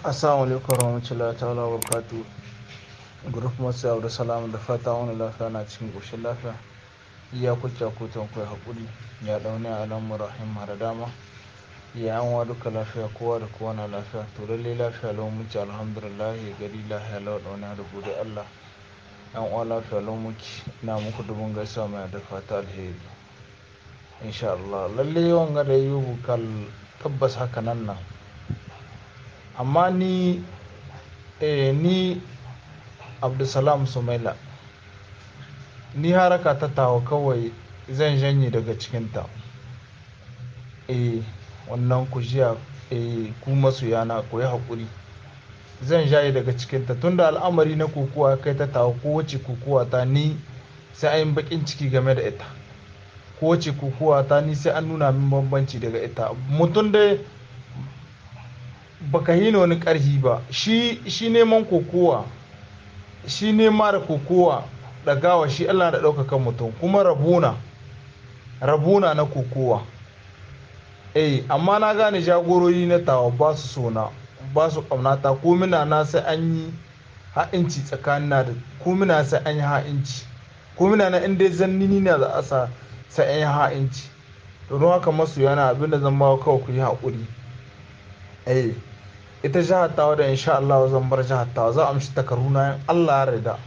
assalamu alaikum warahmatullahi ta'ala wa barakatu group masu yau da salamu da fata wani lafiya na cikin ƙoshin lafiya iya kuka kutan kai haƙuri ya daune alamu rahim mara dama ya yanwa duka lafiya kowa da kowa na lafiya to lalle lafiya lau muke alhamdulillah ya gari lafiya lau daune da gode allah yan uwa lafiya lau muke na muku dubin gaisa mai da fata alheri insha Allah lalle yawan ga da yi kal tabbas haka nan nan amma ni eh ni abdulsalam sumaila ni haraka ta tawa kawai zan janye daga cikinta eh wannan ku jiya eh ku yana ku yi haƙuri zan jaye daga cikinta tunda al'amari na kukuwa kai ta tawa kowace kukuwa ta ni sai ayin baƙin ciki game da ita ko ce kokowa ta ni sai an nuna min bambanci daga ita mutum dai baka yi wani karhi ba shi shi neman kokowa shi nema da kokowa ɗagawa shi allah da ɗaukakan mutum kuma rabuna rabuna na kokowa eh amma na gane jagorori na tawa ba su sona ba su ƙaunata ko mina na sai an yi ha'inci tsakanin na da ko mina sai an yi ha'inci ko mina na inda zanni na za a sa ta an yi ha'inci to don haka masu yana abin da zan ba kawai ku yi haƙuri yi. Eh, ita jihar tawa da insha Allah zan bar jihar tawa za a mishi takaruna in Allah ya rida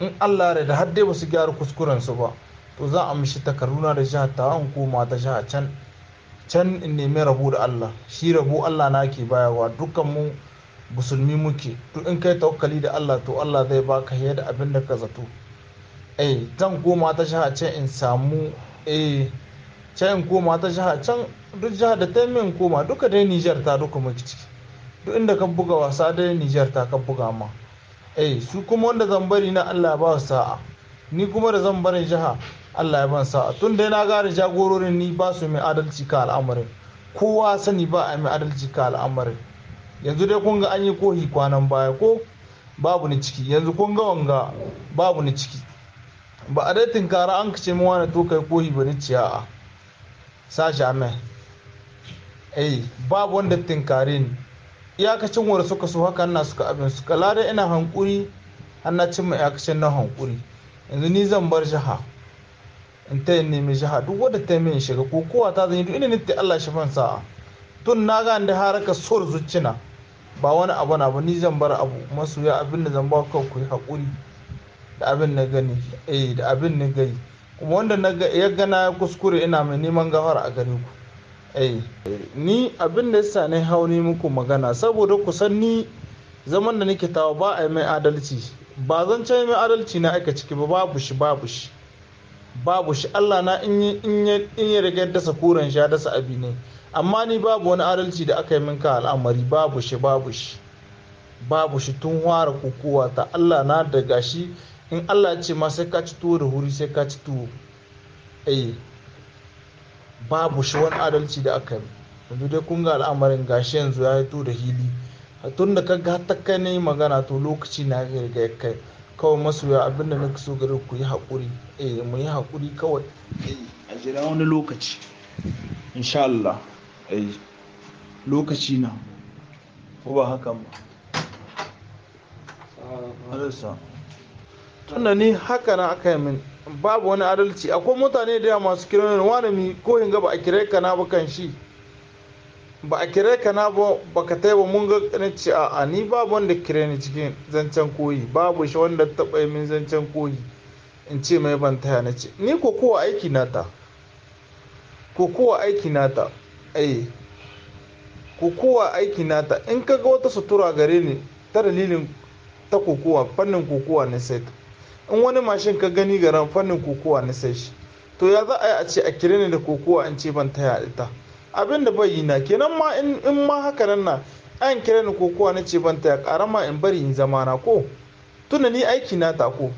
in Allah ya rida har dai ba su gyara kuskuren su ba to za a mishi takaruna da jihar tawa in koma ta jihar can can in nemi rabo da Allah shi rabo Allah na ke bayarwa dukkan mu musulmi muke to in kai tawakkali da Allah to Allah zai baka da abin da ka zato ai eh, zan koma ta jihar can in samu eh can koma ta jiha can duk jihar da ta yi min koma duka dai Nijar ta duka muke ciki duk inda ka buga wasa dai Nijar ta ka buga ma eh su kuma wanda zan bari na Allah ba su sa'a ni kuma da zan bari jiha Allah ya ban sa'a tun dai na gane jagororin ni ba su mai adalci ka al'amarin kowa sani ba a mai adalci ka al'amarin yanzu dai kun ga an yi kohi kwanan baya ko babu ni ciki yanzu kun ga wanga babu ni ciki ba a dai tinkara an kace mu wani tokai ko kohi bari ciya a sa eh babu wanda tinkare ni iyakacin wani suka so haka na suka abin suka lada ina hankuri an na cimma iyakacin na hankuri yanzu ni zan bar jiha in ta nemi jiha duk wadda ta min shiga ko kowa ta zan yi duk ina nitti Allah shi fan sa'a tun na ga da haraka sor zuccina ba wani abu na ba ni zan bar abu masoya abin da zan ba ku yi haƙuri da abin na gani eh da abin na gani kuma wanda ya gana kuskure ina mai neman gafara a gare ku eh ni abin da yasa ne muku magana saboda ku san ni zaman da nake tawa ba a yi mai adalci ba zan ce mai adalci na aika ciki ba babu shi babu shi babu shi Allah na in ya rigar dasa kuren sha dasa abi ne amma ni babu wani adalci da aka yi min ka al'amari babu shi babu shi babu shi tun hwara kukuwa ta Allah na daga shi in allah ce ma sai ka ci tuwo da huri sai ka ci tuwo eh babu shi wani adalci da aka yi yanzu dai kun ga al'amarin gashi yanzu ya hito da hili tun da ka gata ta kai ne magana to lokaci na riga ya kai kawai masoya abin da nake so gare ku yi haƙuri eh mu yi haƙuri kawai eh, a jira wani lokaci insha Allah eh lokaci na ko ba ba tunda ni haka na aka yi min babu wani adalci akwai mutane da masu kiran wani mi ko hinga ba a kire ka na ba kan shi ba a kire ka na ba ba ka ta ba mun ga na ce a ni babu wanda kire ni cikin zancen koyi babu shi wanda taɓa yi min zancen koyi in ce mai ban taya na ce ni ko kowa aiki na ta ko kowa aiki na ta ai eh. ko kowa aiki na ta in ka ga wata sutura gare ni ta dalilin ta kokowa fannin kokowa ne sai ta in wani mashin ka gani garan fannin kokowa na sai shi to ya za a yi a ce a kire ni da kokowa an ce ban taya ita abin da bai yi na kenan ma in ma haka nan na an kire ni kokowa na ce ban taya karama in bari in zama na ko tuna ni aiki na ta ko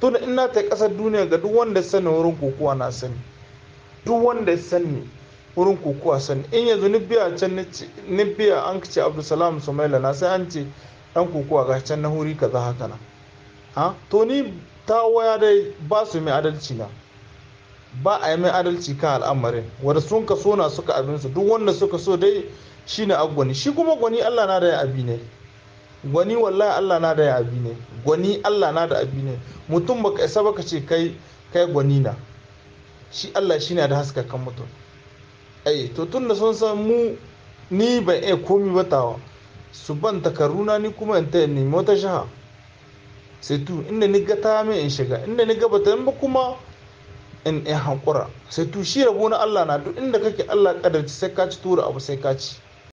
tuna in na ta kasar duniya ga duk wanda sani wurin kokowa na sani duk wanda sani wurin kokowa sani in yanzu ni biya can ni biya an ce abdulsalam sumaila na sai an ce dan kokowa ga can na huri kaza haka na to ni ta waya dai ba su mai adalci na ba a yi mai adalci kan al'amarin wadda sun ka so na suka abinsu duk wanda suka so dai shi ne gwani shi kuma gwani allah na da ya abi ne gwani wallahi allah na da ya abi ne gwani allah na da abi ne mutum baka isa baka ce kai kai gwani na shi allah shi na da haskakan mutum ai to tun da sun san mu ni ban iya komi batawa su ban takaruna ni kuma in ta nemi wata shaha sai tu inda ni ga ta mai in shiga inda ni ga bata ba kuma in in hankura sai tu shi rabo na Allah na duk inda kake Allah kadarci sai ka ci tura abu sai ka ci